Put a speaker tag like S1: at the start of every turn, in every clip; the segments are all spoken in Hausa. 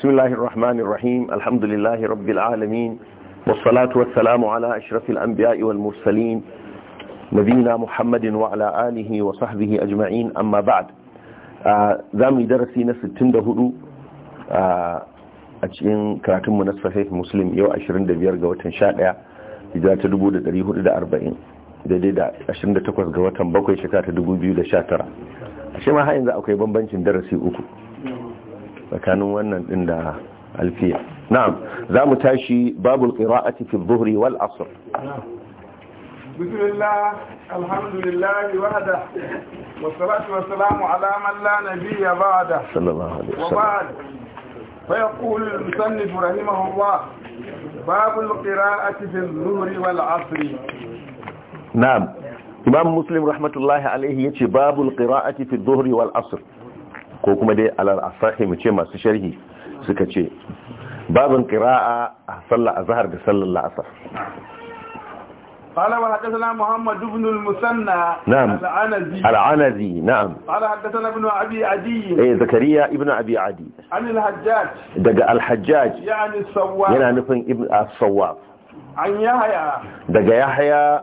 S1: بسم الله الرحمن الرحيم الحمد لله رب العالمين والصلاة والسلام على أشرف الأنبياء والمرسلين نبينا محمد وعلى آله وصحبه أجمعين أما بعد زامي درسي نستن دهدو أجين كراتم فيه مسلم يو أشرين دبير قوة شائع إذا تدبو دريه دا أربعين daidai da 28 ga watan bakwai shekara ta 2019 a shi ma ha'in za a kai bambancin darasi uku فكانوا الفيل نعم باب القراءة في الظهر والعصر
S2: بسم الله الحمد لله وحده والصلاة والسلام على من لا نبي بعده صلى الله عليه وسلم وبعد فيقول المصنف رحمه الله باب القراءة في الظهر والعصر
S1: نعم إمام مسلم رحمة الله عليه يتي باب القراءة في الظهر والعصر ko kuma dai alal asahi mu ce masu sharhi suka ce babin qira'a a sallar azhar da sallar la'asar
S2: قال وحدثنا محمد بن المثنى نعم العنزي
S1: العنزي نعم
S2: قال حدثنا ابن ابي عدي اي زكريا
S1: ابن ابي عدي
S2: عن الحجاج
S1: دقى الحجاج
S2: يعني الصواب يعني
S1: نفن ابن الصواب
S2: an yahaya
S1: daga yahaya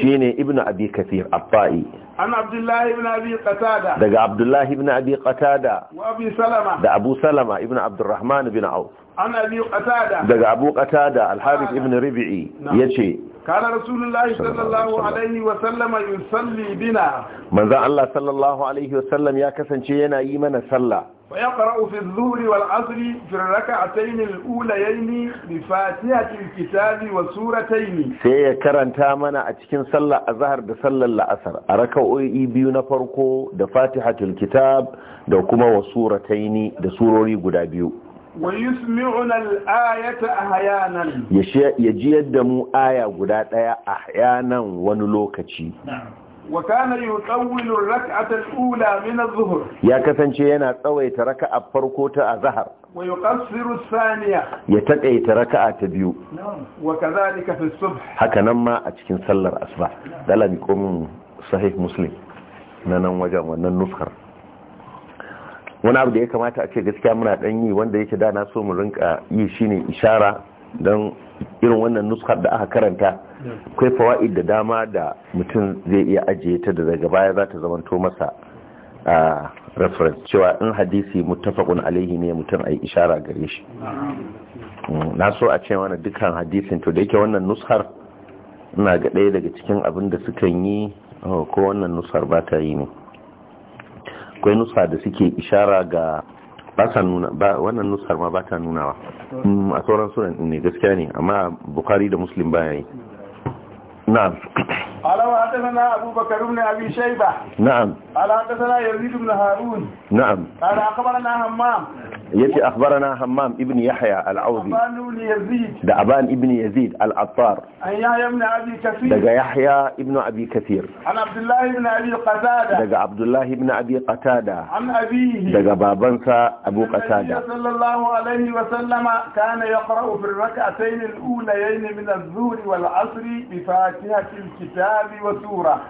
S1: shine ibnu abi kathir an
S2: abdullahi ibn abi qatada daga
S1: abdullahi ibn abi qatada
S2: wa abi salama da
S1: abu salama ibnu abdurrahman ibn auf
S2: an abi qatada daga
S1: abu qatada al ibn rabi'i yace
S2: kana rasulullahi sallallahu alaihi wa sallam yusalli bina
S1: manzo Allah sallallahu alaihi wa sallam ya kasance yana yi mana sallah
S2: ويقرأ في الظهر والعصر في الركعتين الأوليين بفاتحة الكتاب وسورتين
S1: سي كرن تامنا أتكين صلى الظهر بصلى العصر أركو إيبيو نفرقو دفاتحة الكتاب دوكما وسورتين دسوروري قدابيو
S2: ويسمعنا الآية أحيانا
S1: يجي يدمو آية قدات آية أحيانا ونلوكتي
S2: نعم wa kana yutawwil ar-rak'ah al min adh ya
S1: kasance yana tsawaita raka'a farko ta azhar
S2: wa yuqassiru ath-thaniya
S1: ya taqaita raka'a ta biyu
S2: wa kadhalika fi as-subh
S1: haka nan ma a cikin sallar asbah dala mi komin muslim na nan wajen wannan nuskar wani abu da ya kamata a ce gaskiya muna ɗan yi wanda yake da na so mu rinka yi shine ishara don irin wannan nuskar da aka karanta akwai fawa'id da dama da mutum zai iya ajiye ta da daga baya za ta zamanto masa a reference cewa in hadisi mutafakun alaihi ne mutum a yi ishara gare shi mm, na so a cewa na dukkan hadisin to da yake wannan nuskar ina ga ɗaya daga cikin abin da sukan yi ko wannan nuskar ba ta yi ne akwai nuska da suke ishara ga ba ta nuna ba wannan nusar ma ba ta nunawa mm, a sauran sunan ne gaskiya ne amma bukari da muslim ba yayi na'am
S2: ala wa hadathana abubakar ibn abi shayba na'am ala hadathana yazid ibn harun na'am ala akhbarana hammam
S1: yace akhbarana hammam ibn yahya al-audi da aban ibn yazid al-attar
S2: daga yahya
S1: ibn abi kathir daga abdullah ibn abi qatada daga babansa abu qatada
S2: kana yaqra'u fi rak'atayn al-ulayayn min az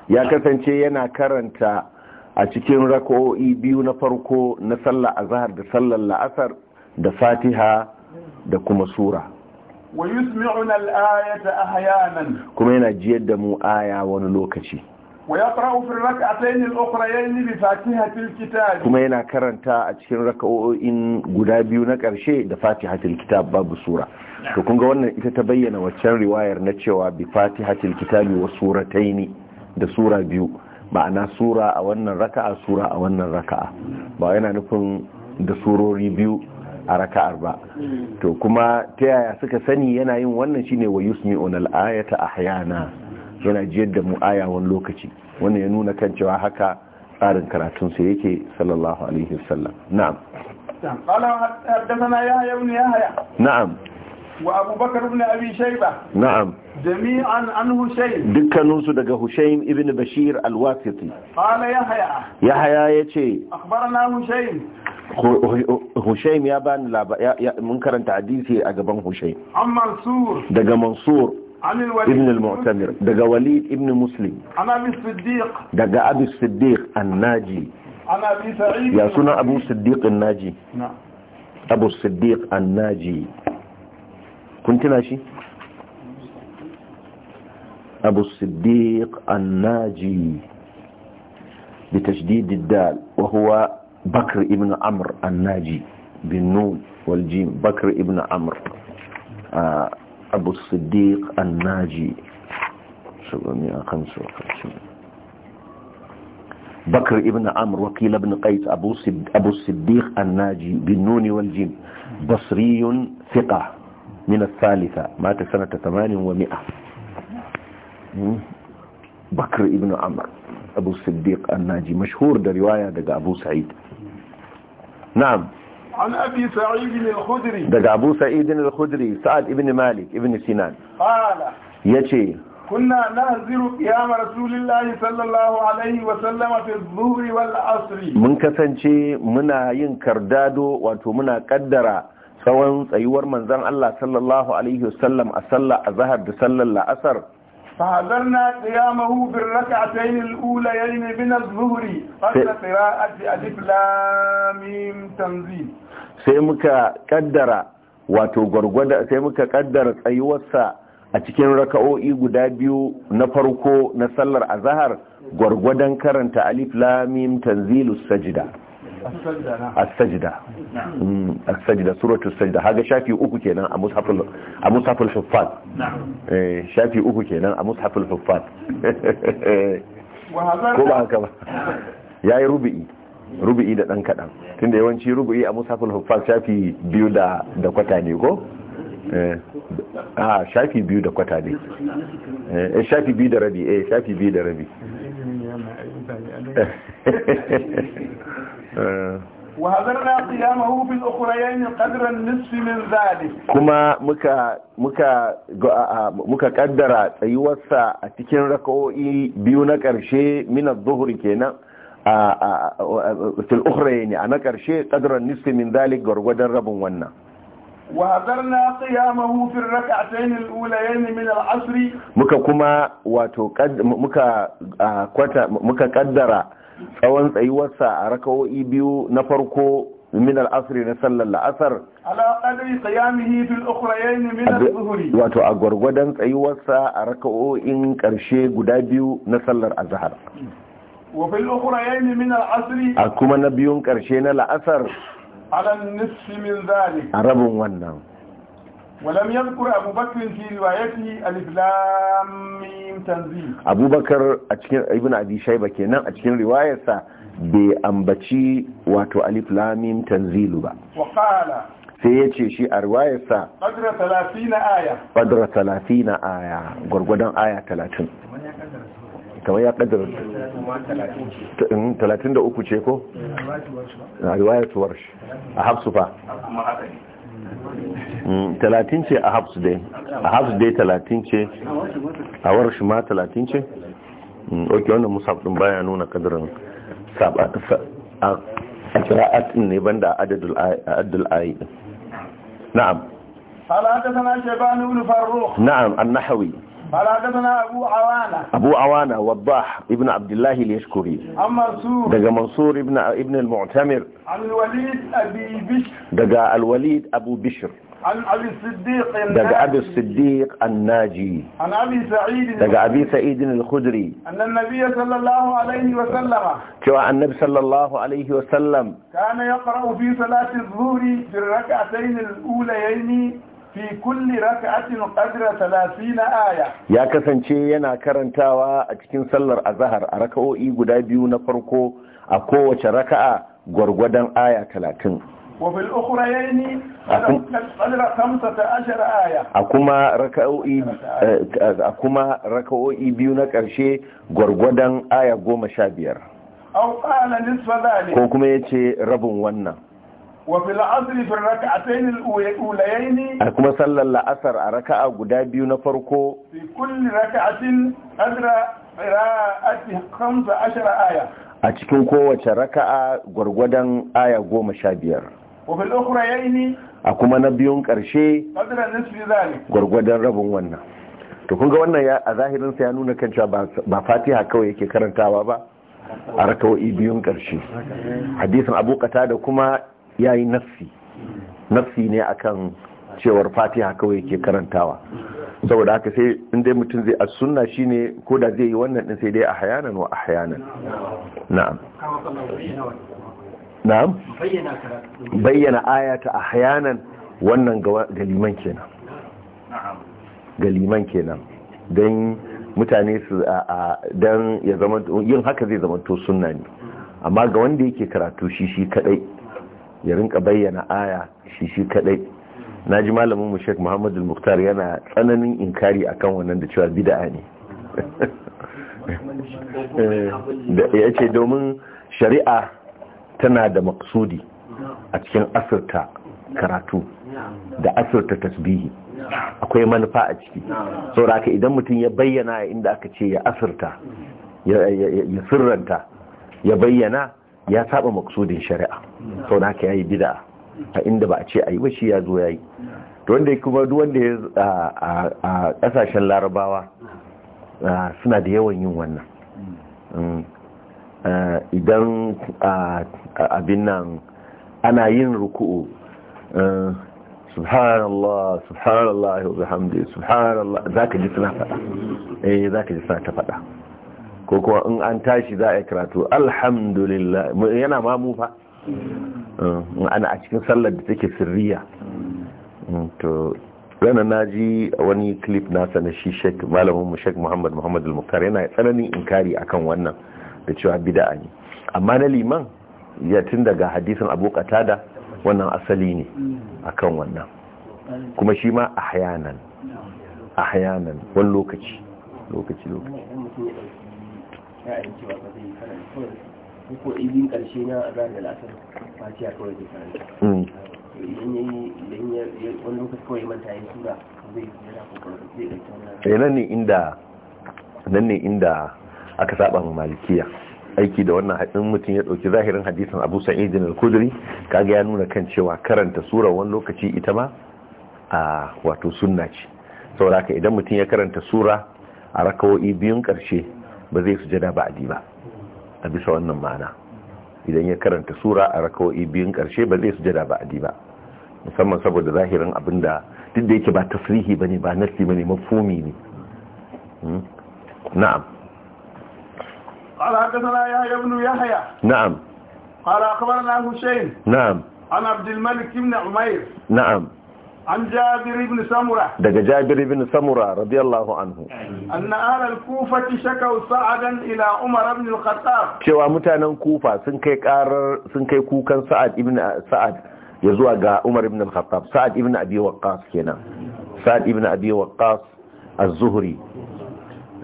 S2: ya
S1: kasance yana karanta a cikin rako'o'i biyu na farko na a zahar da sallar la'asar da fatiha da kuma sura kuma yana jiyar da mu aya wani lokaci kuma yana karanta a cikin raka'o'in guda biyu na ƙarshe da fatihatul kitab babu sura to kun ga wannan ita ta bayyana waccan riwayar na cewa bi fatihatul kitab wa sura taini da sura biyu ma'ana sura a wannan raka'a sura a wannan raka'a ba yana nufin da surori biyu a raka'ar ba to kuma ta yaya suka sani yana yin wannan shine wa yusmi'un al-ayata ahyana yana jiyar da mu aya wani lokaci wannan ya nuna kan cewa haka tsarin karatun su yake sallallahu alaihi wasallam na'am
S2: qala haddathana yahya ibn yahya na'am wa abubakar ibn abi shayba na'am jami'an an Hushayn
S1: dukkaninsu daga Hushayn ibn Bashir al-Wasiti
S2: qala Yahya
S1: Yahya yace
S2: akhbarana Hushayn
S1: Hushaym ya bani mun karanta hadisi a gaban Hushaym
S2: an Mansur daga Mansur ibn al-Mu'tamir
S1: daga Walid ibn Muslim
S2: an Abi Siddiq
S1: daga Abi Siddiq an-Naji
S2: an Abi Sa'id ya suna
S1: Abu Siddiq an-Naji Abu Siddiq an-Naji kun tuna shi أبو الصديق الناجي بتشديد الدال وهو بكر ابن عمرو الناجي بالنون والجيم بكر ابن عمرو آه، أبو الصديق الناجي 755 بكر ابن عمرو وقيل ابن قيس أبو, أبو الصديق الناجي بالنون والجيم بصري ثقة من الثالثة مات سنة 800 bakar ibn amr abu siddiq annaji mashhur da riwaya daga abu sa'id na'am
S2: عن أبي سعيد الخدري دقى
S1: أبو سعيد الخدري سعد ابن مالك ابن سنان قال يتي
S2: كنا نهزر قيام رسول الله صلى الله عليه وسلم في الظهر والعصر من
S1: kasance منا ينكر دادو واتو منا قدر tsawon tsayuwar manzon Allah sallallahu alaihi wasallam a sallah a zahar da sallar la'asar
S2: فحضرنا قيامه بالركعتين الأوليين من الظهر قبل قراءة ألف لام تنزيل
S1: سيمك قدر kaddara wato gwargwada sai muka a cikin raka'o'i guda biyu na farko na sallar azahar gwargwadon karanta alif lamim tanzilus sajida
S2: as-sajda
S1: as suratu as-sajda shafi uku kenan a mushaful a mushaful huffaz eh yayi rubi'i rubi'i da dan kadan tunda yawanci rubi'i a mushaful huffaz shafi biyu da da kwata ko eh, a shafi biyu da kwata ne eh, eh shafi biyu da rabi eh shafi biyu da rabi kuma muka muka muka kaddara tsayuwarsa a cikin rakoi biyu na karshe min az-zuhr kenan a fil ukhrayni ana karshe qadra nisfi min dalik gurgudan rabun wannan
S2: wa hadarna qiyamahu fi rak'atayn al-ulayayn min al-asr
S1: muka kuma wato muka kwata muka kaddara tsawon tsayuwarsa a rakawo'i biyu na farko min al'asri na sallar la'asar wato a gwargwadon tsayuwarsa a raka'o'in ƙarshe guda biyu na sallar azhar a kuma na biyun ƙarshe na la'asar a rabin wannan
S2: ولم يذكر أبو بكر في روايته ألف لام تنزيل
S1: أبو بكر أتكين ابن أبي شيبة كنا أتكين رواية بأنبتي واتو ألف لام تنزيل با وقال sai ya ce shi a ruwayarsa ƙadra 30 aya gwargwadon aya talatin kamar ya ƙadra talatin da uku ce ko? a ruwayar tuwar a hafsu fa Mm, talatin ce a hafs dai a hafs dai talatin ce a warshi ma talatin ce mm, ok wanda musaf din baya nuna kadirin a kira'at ne banda adadul ayi na'am
S2: قال حدثنا شيبان بن فروخ
S1: نعم النحوي
S2: قال أبو عوانة أبو
S1: عوانة وضاح ابن عبد الله اليشكري
S2: عن منصور دقى
S1: منصور ابن, ابن المعتمر
S2: عن الوليد أبي بشر
S1: دقى الوليد أبو بشر
S2: عن أبي الصديق الناجي أبي
S1: الصديق الناجي
S2: عن أبي سعيد دقى
S1: أبي سعيد الخدري
S2: أن النبي صلى الله عليه وسلم
S1: كوا النبي صلى الله عليه وسلم
S2: كان يقرأ في صلاة الظهر في الركعتين الأوليين fi kulli raka'atin qadra 30 aya
S1: ya kasance yana karantawa a cikin sallar azhar a raka'o'i guda biyu na farko a kowace raka'a gwargwadon aya 30
S2: wa fil ukhrayayn a
S1: kuma raka'o'i eh, a kuma raka'o'i biyu na karshe gwargwadon aya 15 ko kuma yace rabin wannan
S2: wa fil asr fi rak'atayn al-ulayayn a
S1: kuma sallar la'asar a raka a guda biyu na farko
S2: fi kulli rak'atin adra qira'ati 15 aya a
S1: cikin kowace raka a gwargwadon aya goma sha biyar a kuma na biyun ƙarshe gwargwadon rabin wannan to kun ga wannan a zahirinsa ya nuna kan cewa ba fatiha kawai yake karantawa ba a raka'o'i biyun ƙarshe hadisin abu da kuma ya yi nafsi nafsi ne akan cewar fatiha kawai ke karantawa saboda haka sai inda mutum zai a sunna ne ko da zai yi wannan din sai dai a hayanan wa a hayanan na'am na'am bayyana ayata a hayanan wannan galiman kenan Galiman kenan don mutane su a don ya zama yin haka zai zama to sunna ne amma ga wanda yake karatu shi shi kadai ya rinka bayyana aya shi shi kadai na ji malamin mu shek Muhammadu al yana tsananin inkari akan wannan da cewa bid'a ne ya ce domin shari'a tana da maksudi a cikin asirta karatu da asirta tasbihi akwai manufa a ciki sauraka idan mutum ya bayyana inda aka ce ya asirta ya sirranta ya bayyana ya saba maksudin shari'a sau na ka yayi bida a inda ba a ce a yi ba shi ya zo ya yi wanda kuma wanda ya a kasashen larabawa suna da yawan yin wannan mm. idan abin nan ana yin ruku'u subhanallah subhanallah wa bihamdi subhanallah zaka ji suna fada eh zaka ji suna ta fada ko kuma in an tashi za a yi karatu alhamdulillah yana mamu fa mm, ana a cikin sallar da take sirriya mm, to yana na ji wani clip nasa na shi shek malamin mu shek muhammad muhammad al-muktar yana tsananin inkari akan wannan da cewa bida'a ne amma na liman ya tun daga hadisin abu da wannan asali ne akan wannan kuma shi ma ahyanan ahyanan wani lokaci lokaci lokaci ra'ayin cewa ba zai yi karanta kawai ko ibin karshe na azhar da la'asar fatiha kawai zai karanta hmm. idan yayi idan ya wani lokaci kawai manta yayi sura zai yana kokarin zai dauki wannan eh, nan ne inda nan ne inda aka saba ma malikiya aiki da wannan hadin mutum ya ɗauki zahirin hadisan Abu Sa'id al-Khudri kaga ya nuna kan cewa karanta sura wani lokaci ita ma a wato sunna ce saboda idan mutum ya karanta sura a rakawo'i biyun ƙarshe. ba zai sujada ba'di ba a bisa wannan ma'ana idan ya karanta sura a rakawai biyun karshe ba zai sujada ba'di ba musamman saboda zahirin abin da duk da yake ba tasrihi ne ba nasi ne mafumi ne hmm? na'am na'am
S2: حدثنا قال أخبرنا حسين نعم عن عبد الملك بن عمير نعم عن جابر بن سمرة
S1: دقى جابر بن سمرة رضي الله عنه
S2: أن أهل الكوفة شكوا سعدا إلى عمر بن الخطاب
S1: شوى متانا كوفة سنكي قارر سنكي كوكا سعد ابن سعد يزوى قا عمر بن الخطاب سعد ابن أبي وقاص كنا سعد ابن أبي وقاص الزهري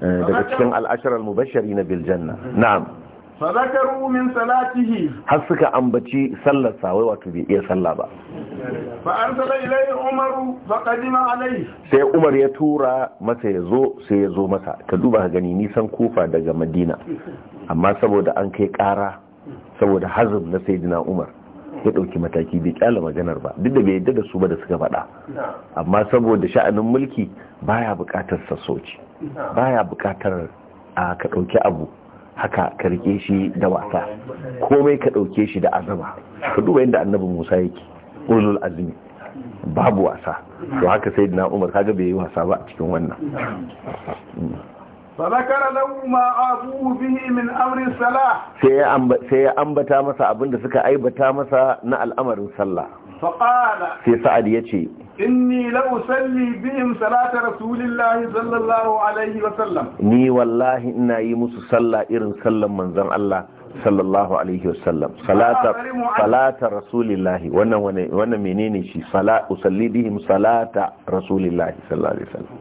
S1: دقى تكن العشر المبشرين بالجنة نعم
S2: fazakaru min salatihi har suka
S1: ambaci sallar sa wai wato bai iya salla ba
S2: fa arsala ilayhi umar fa qadima alayhi
S1: sai umar ya tura masa ya zo sai ya zo masa ka duba gani nisan kofa daga madina amma saboda an kai kara saboda hazm na sayyidina umar ya dauki mataki bai kyala maganar ba duk da bai yadda da su ba da suka faɗa amma saboda sha'anin mulki baya bukatar sassoci baya bukatar a ka dauki abu haka ka rike shi da wasa komai ka ɗauke shi da azama ka duba yadda annabi musa yake ulul azmi babu wasa to haka sai na umar kaga bai yi wasa ba a cikin wannan
S2: فذكر له ما عاقوه به من امر الصلاه
S1: sai ya ambata masa abinda suka aibata masa na al'amarin sallah فقال sai sa'ad yace
S2: inni la usalli bihim salata rasulillahi sallallahu alaihi wa sallam
S1: ni wallahi ina yi musu sallah irin sallan manzon Allah sallallahu alaihi wa sallam salata salata rasulillahi wannan wannan menene shi sala usalli bihim salata rasulillahi sallallahu alaihi wa sallam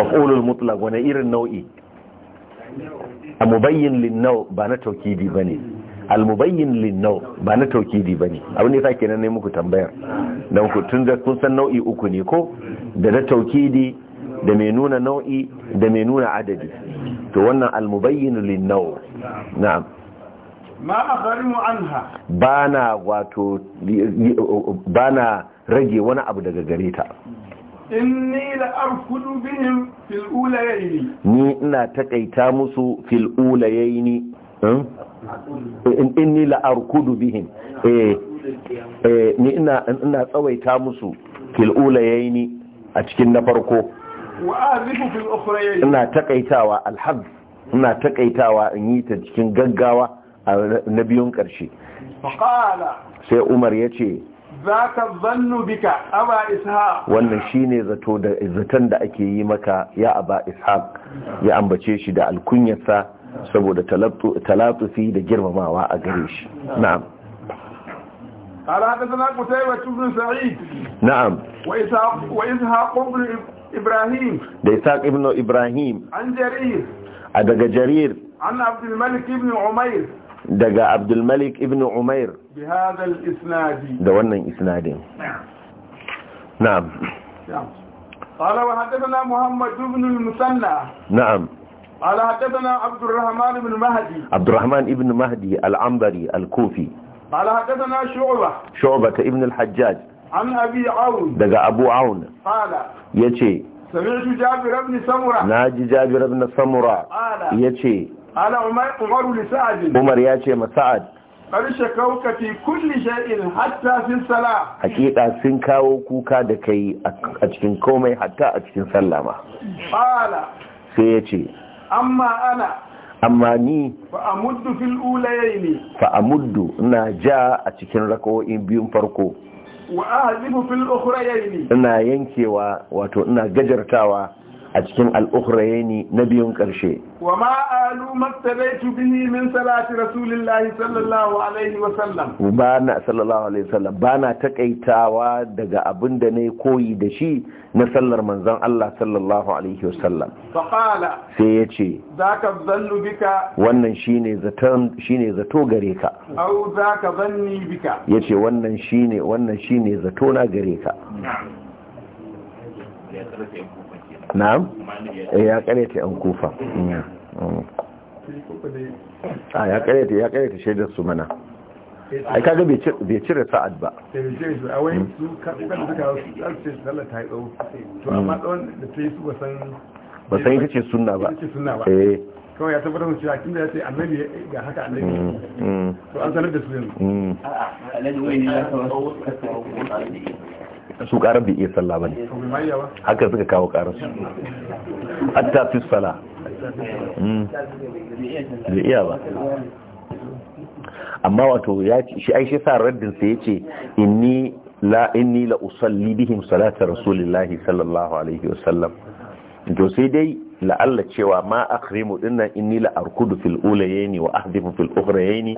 S1: maqulul mutlaq wani irin nau'i a mubayyin linnau ba na taukidi bane al mubayyin linnau ba na taukidi bane abin da yasa ne muku tambayar don ku tun kun san nau'i uku ne ko da na taukidi da mai nuna nau'i da mai nuna adadi to wannan almubayyinu lin nau na'am
S2: ma akharimu anha
S1: bana wato bana rage wani abu daga gare ta
S2: inni la arkudu bihim fil ulayaini
S1: ni ina takaita musu fil ulayaini hmm? inni la arkudu bihim eh Eh, ni ina tsawaita musu fil ulayaini a cikin na farko ina takaitawa alhab ina takaitawa in yi ta cikin gaggawa a na biyun karshe sai umar ya ce
S2: zannu bika aba isha
S1: wannan shine zato da zaton da ake yi maka ya aba ishaq ya ambace shi da alkunyarsa saboda talatufi da girmamawa a gare shi na'am
S2: قال حدثنا قتيبة بن سعيد نعم وإسحاق وإسحاق بن إبراهيم
S1: إسحاق ابن إبراهيم
S2: عن جرير
S1: أدق آه، جرير
S2: عن عبد الملك بن عمير
S1: دقى عبد الملك بن عمير
S2: بهذا الإسناد دولنا إسناد نعم. نعم نعم قال وحدثنا محمد بن المثنى نعم قال حدثنا عبد الرحمن بن مهدي
S1: عبد الرحمن بن مهدي العنبري الكوفي
S2: قال حدثنا شعبة
S1: شعبة ابن الحجاج
S2: عن أبي عون دقى أبو عون قال يتي سمعت جابر بن سمرة
S1: ناجي جابر بن سمرة
S2: قال يتي قال عمر لسعد عمر
S1: يتي مسعد
S2: قال شكوك في كل شيء حتى في الصلاة
S1: حقيقة سنكا وكوكا دكي أتكن كومي حتى أتكن سلامة قال سيتي
S2: أما أنا
S1: amma ni
S2: fa'amuddu fil ulayaini
S1: fa'amuddu na ja a cikin raka'o'in biyun farko
S2: wa ahzifu fil ukhrayaini
S1: ina yankewa wato ina gajartawa a cikin al'ukhrayeni na biyun ƙarshe.
S2: wa ma alu mattabaitu bihi min salati rasulillahi sallallahu alaihi wa sallam
S1: ba na sallallahu alaihi wasallam ba na takaitawa daga abin da yi koyi da shi na sallar manzan Allah sallallahu alaihi wa sallam Sai ya ce.
S2: Za ka zannu bika
S1: wannan shi ne zato gare ka
S2: au ka zanni bika
S1: Ya ce wannan shi wannan zato na gare ka
S2: na'am eh, ya karyata yan kufa mm.
S1: a ah, ya karyata ya karyata shaidar su mana ai kaga bai cire sa'ad mm. ba ba san ita ce sunna ba eh
S2: kawai ya tabbatar da cewa da ya ce annabi ga haka annabi mm, to an sanar da su yanzu a'a annabi wai ne ya kawo
S1: su karar bai iya sallah ba ne haka suka kawo karar su hatta fi sala da hmm. iya ba amma wato ya shi ai shi sa raddin sa yace inni la inni la usalli bihim salata rasulillahi sallallahu alaihi wasallam to sai dai la'alla cewa ma akhrimu dinnan inni la arkudu fil ulayni wa ahdifu fil ukhrayni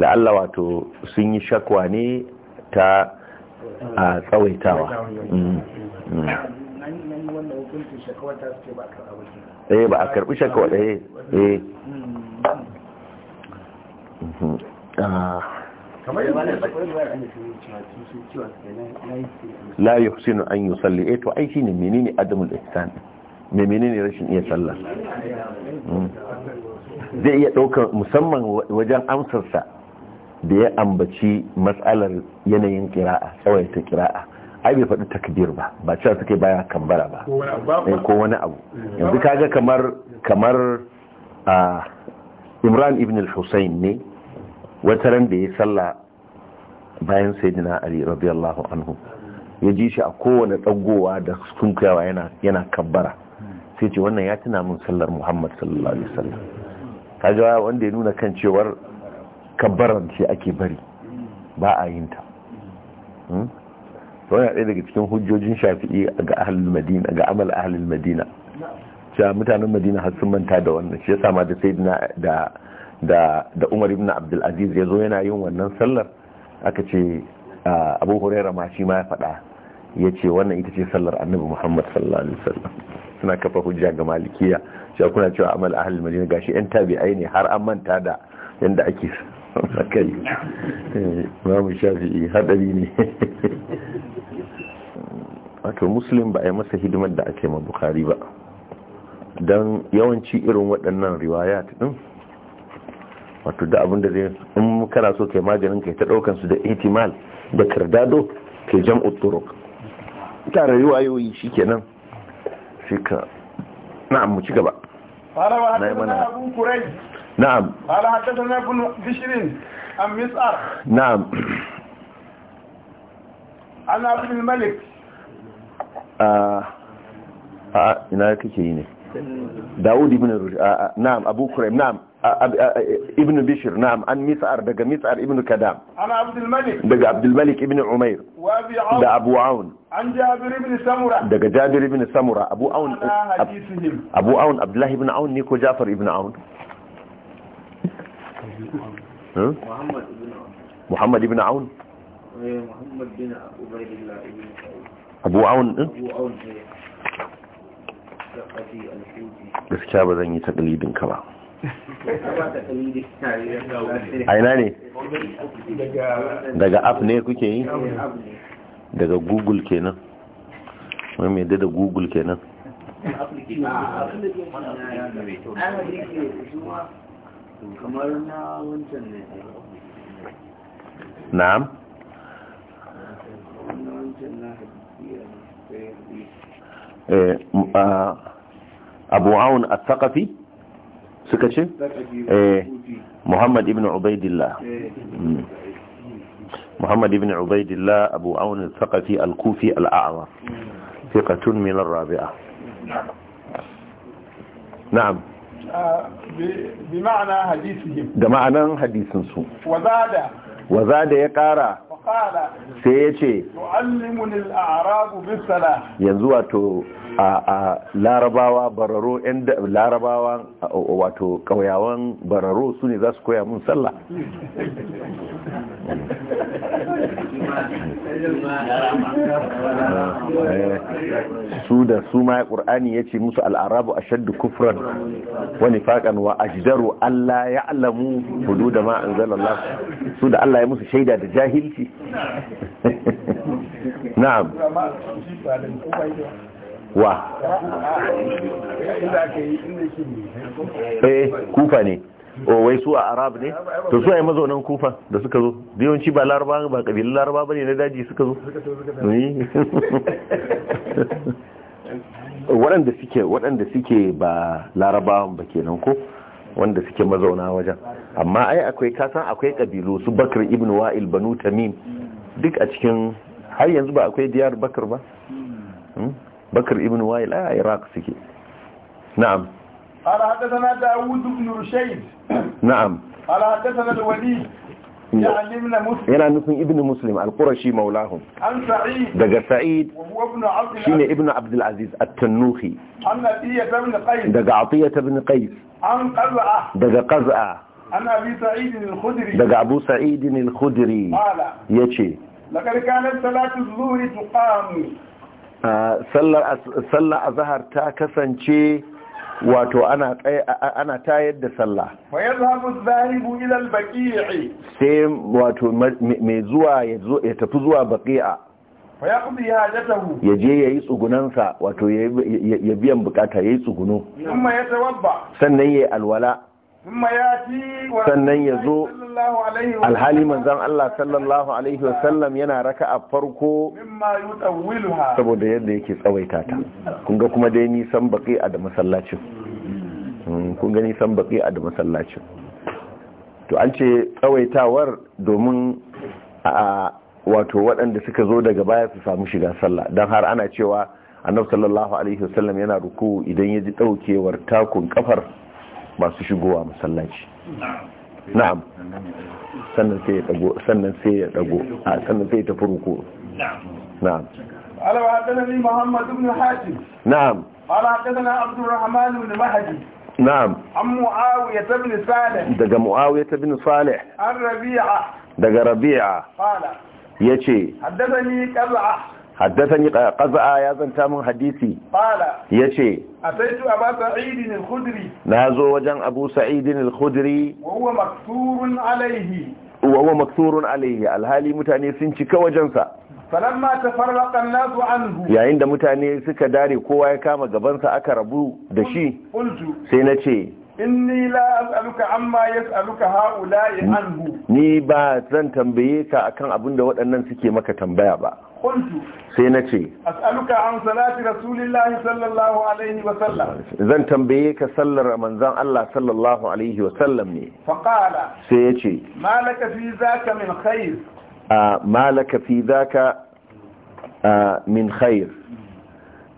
S1: la'alla wato sun yi shakwa ne ta a tsawaitawa ɗaya mm. mm. mm. eh, ba a karbi shakawa eh eh mm-hmm. ah. la yuhsinu an yusalli eh to aiki ne, menene adamul ihsan me menene rashin iya sallah zai iya ɗaukar musamman wajen amsarsa da ya ambaci matsalar yanayin kira'a tsawaita kira'a ai bai faɗi takbir ba ba cewa suke baya kambara ba ko wani abu eh, eh. yanzu kaga kamar kamar imran ibn al-husayn ne wata ran da ya salla bayan sayyidina ali radiyallahu anhu ya ji shi a kowane tsagowa da sunkuyawa yana yana kabbara sai ce wannan ya tuna mun sallar muhammad sallallahu alaihi wasallam kaga wanda ya nuna kan cewar Kabbaran ce ake bari ba a yin ta wani hmm? ɗaya daga cikin hujjojin shafi'i ga ahalul madina ga amal ahalul madina cewa mutanen madina har sun manta da wannan shi ya ma da sai da da umar ibn Abdulaziz aziz ya zo yana yin wannan sallar aka ce abu huraira ma shi ma ya faɗa ya ce wannan ita ce sallar annabi muhammad sallallahu alaihi wasallam suna kafa hujja ga malikiya cewa kuna cewa amal ahalul madina gashi yan tabi'ai ne har an manta da yanda ake kai imamu shafi'i hadari ne wato muslim ba a yi masa hidimar da ake ma bukari ba don yawanci irin waɗannan riwaya ɗin wato da abin da zai in kana so ke maganin ka ta ɗaukan su da itimal da kardado ke jan uturuk tare riwayoyi shi shika Na amma ci gaba na yi mana نعم
S2: قال حدثنا ابن بشير ام مسار نعم انا عبد الملك
S1: اه انا آه، كيكيني داوود ابن رجع آه، آه، نعم ابو كريم نعم ابن بشر نعم عن مسار دقى مسار ابن كدام
S2: انا عبد الملك دقى عبد
S1: الملك ابن عمير
S2: وابي عون دقى ابو عون عن جابر ابن سمرة دقى
S1: جابر ابن سمرة ابو عون ابو عون عبد الله ابن عون نيكو جعفر ابن عون muhammad ibn aun eh, abu aun eh? eh. din gaskiya ba zan yi takalidin ka ba aina ne daga app ne kuke yi daga google kenan wani mai da google kenan نعم أبو عون الثقفي سكتشي محمد ابن عبيد الله محمد ابن عبيد الله أبو عون الثقفي الكوفي الاعظم ثقة من الرابعة نعم
S2: bi hadisihim da
S1: ma'anan hadisin su
S2: wazada
S1: wazada ya kara sai ya ce yanzu wato a larabawa bararo yan larabawa wato kauyawan bararo su ne za su koya mun sallah su da su ma ya ce musu al'arabu a ashaddu kufran wa nifaqan wa Allah alla Hudu da ma anzala Allah su da Allah ya musu shaida da jahilci na'am wa eh kufa ne o oh, wai su a arab ne to su a yi mazaunan kufa da suka zo da yawanci ba laraba ba ƙabilun laraba ba ne na daji suka zo waɗanda suke waɗanda suke ba larabawan ba kenan ko wanda suke mazauna wajen amma ai akwai kasan akwai ƙabilu su bakar ibn wa'il banu tamim duk a cikin har yanzu ba akwai diyar bakar ba hmm. hmm? bakar ibn wa'il a iraq suke na'am
S2: قال حدثنا داوود بن رشيد نعم قال حدثنا الوليد يعني ابن مسلم
S1: يعني نفن ابن مسلم القرشي مولاهم
S2: عن سعيد دقى سعيد وهو ابن عبد العزيز شين
S1: ابن عبد العزيز التنوخي
S2: عن عطية بن قيس دقى
S1: عطية بن قيس
S2: عن قزعة
S1: دقى قزعة
S2: عن أبي سعيد الخدري دقى
S1: أبو سعيد الخدري قال يتشي
S2: لقد كانت صلاة الظهر تقام
S1: صلى أظهر تاكسا شيء wato ana tayar da sallah
S2: fa yadhhabu adh-dhahibu ila al-baqi'i
S1: sai wato mai zuwa ya tafi zuwa baqi'a
S2: fa yaqdi hajatahu ya
S1: je yayi tsugunansa wato ya biyan bukata yayi tsugunu
S2: kuma ya tawabba
S1: sannan yayi alwala
S2: sannan ya zo alhali manzan
S1: Allah sallallahu Alaihi wasallam yana raka a farko saboda yadda yake tsawaita ta kunga kuma dai nisan baki a da masallacin hmm, kunga nisan baki a da masallacin to an ce tsawaitawar domin a wato waɗanda suka zo daga baya su samu shiga sallah don har ana cewa annabtallallahu sallallahu alaihi wasallam yana ruku idan ya ji ɗaukewar takun ƙafar. masu shigowa masallaci na'am sannan sai ya dago sannan sai ya dago a sannan sai ya tafi ruku na'am
S2: ala wa hadana muhammad ibn hajim na'am ala hadana abdurrahman ibn mahdi na'am an muawiya ibn salih
S1: daga muawiya ibn salih
S2: an rabi'a
S1: daga rabi'a qala yace
S2: haddathani qaz'a
S1: حدثني قزعة يا زنتا من حديثي
S2: قال يشي أتيت أبا سعيد الخدري
S1: نازو وجن أبو سعيد الخدري
S2: وهو مكثور عليه
S1: وهو مكثور عليه الهالي متاني سنشك وجنسا
S2: falamma tafarraqa an-nasu anhu yayin
S1: da mutane suka dare kowa ya kama gabansa aka rabu da shi sai na ce
S2: inni la as'aluka amma yas'aluka haula'i anhu
S1: ni ba zan tambaye ka akan abin da waɗannan suke maka tambaya ba qultu sai na ce
S2: as'aluka an salati rasulillahi sallallahu alaihi wa sallam
S1: zan tambaye ka sallar manzon Allah sallallahu alaihi wa sallam ne fa qala sai ya ce
S2: malaka fi zaka min khair
S1: a malaka fi zaka min khair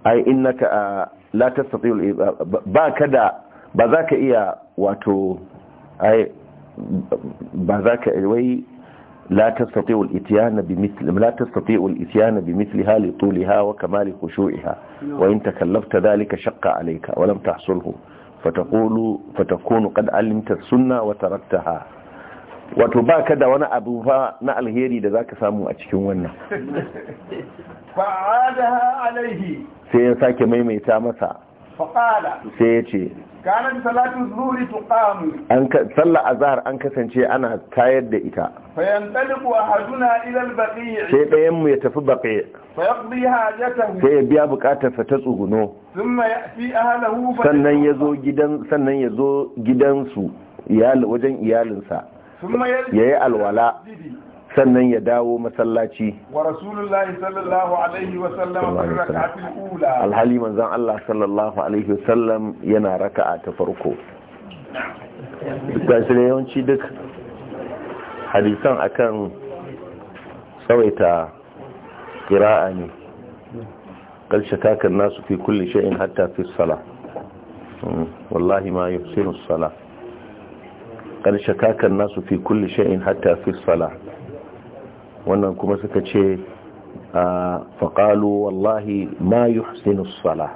S1: ai innaka la tastati'u ba kada ba za ka iya wato ba za ka wai la tastati'u al bi mithli la tastati'u al-ityana bi mithliha li tuliha wa kamali khushu'iha wa in takallafta dhalika shaqqa 'alayka wa lam tahsulhu fatakulu fatakunu qad 'alimta as-sunna wa wato baka da wani abu fa na alheri da zaka samu a cikin wannan sai ya sake maimaita masa sai ya ce
S2: kanan salatu zuhri tuqamu
S1: an sallar azhar an kasance ana tayar da ita
S2: fayantaliqu ahaduna ila al-baqi' sai
S1: dayan mu ya tafi baqi'
S2: fayaqdi hajatahu sai ya
S1: biya bukatar sa ta tsuguno
S2: thumma ya'ti ahlihi sannan
S1: yazo gidan sannan yazo gidansu iyal wajen iyalinsa
S2: thumma yayi
S1: alwala sannan ya dawo masallaci
S2: wa rasulullahi sallallahu alaihi wa sallam fi rak'atil ula alhali
S1: manzon Allah sallallahu alaihi wa sallam yana raka'a ta farko
S2: gashi ne yawanci
S1: duk hadisan akan tsawaita qira'a ne kal shakakan nasu fi kulli shay'in hatta fi salah hmm, wallahi ma yuhsinu salah kal shakakan nasu fi kulli shay'in hatta fi salah wannan kuma suka ce a faƙalu wallahi ma yi husinu sala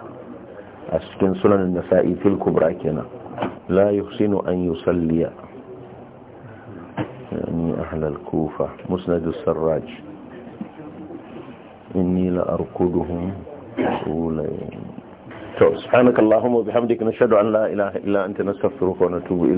S1: a cikin sunanin na sa'i filku brakina la yi husinu an yi salliya ni a halal kufa musnadu sarraj in ni la'ar kudu hun wulaye to su hannuka allahunmu bi hamdika na shaɗu an la'ila ila'anta na safiru ko na tubu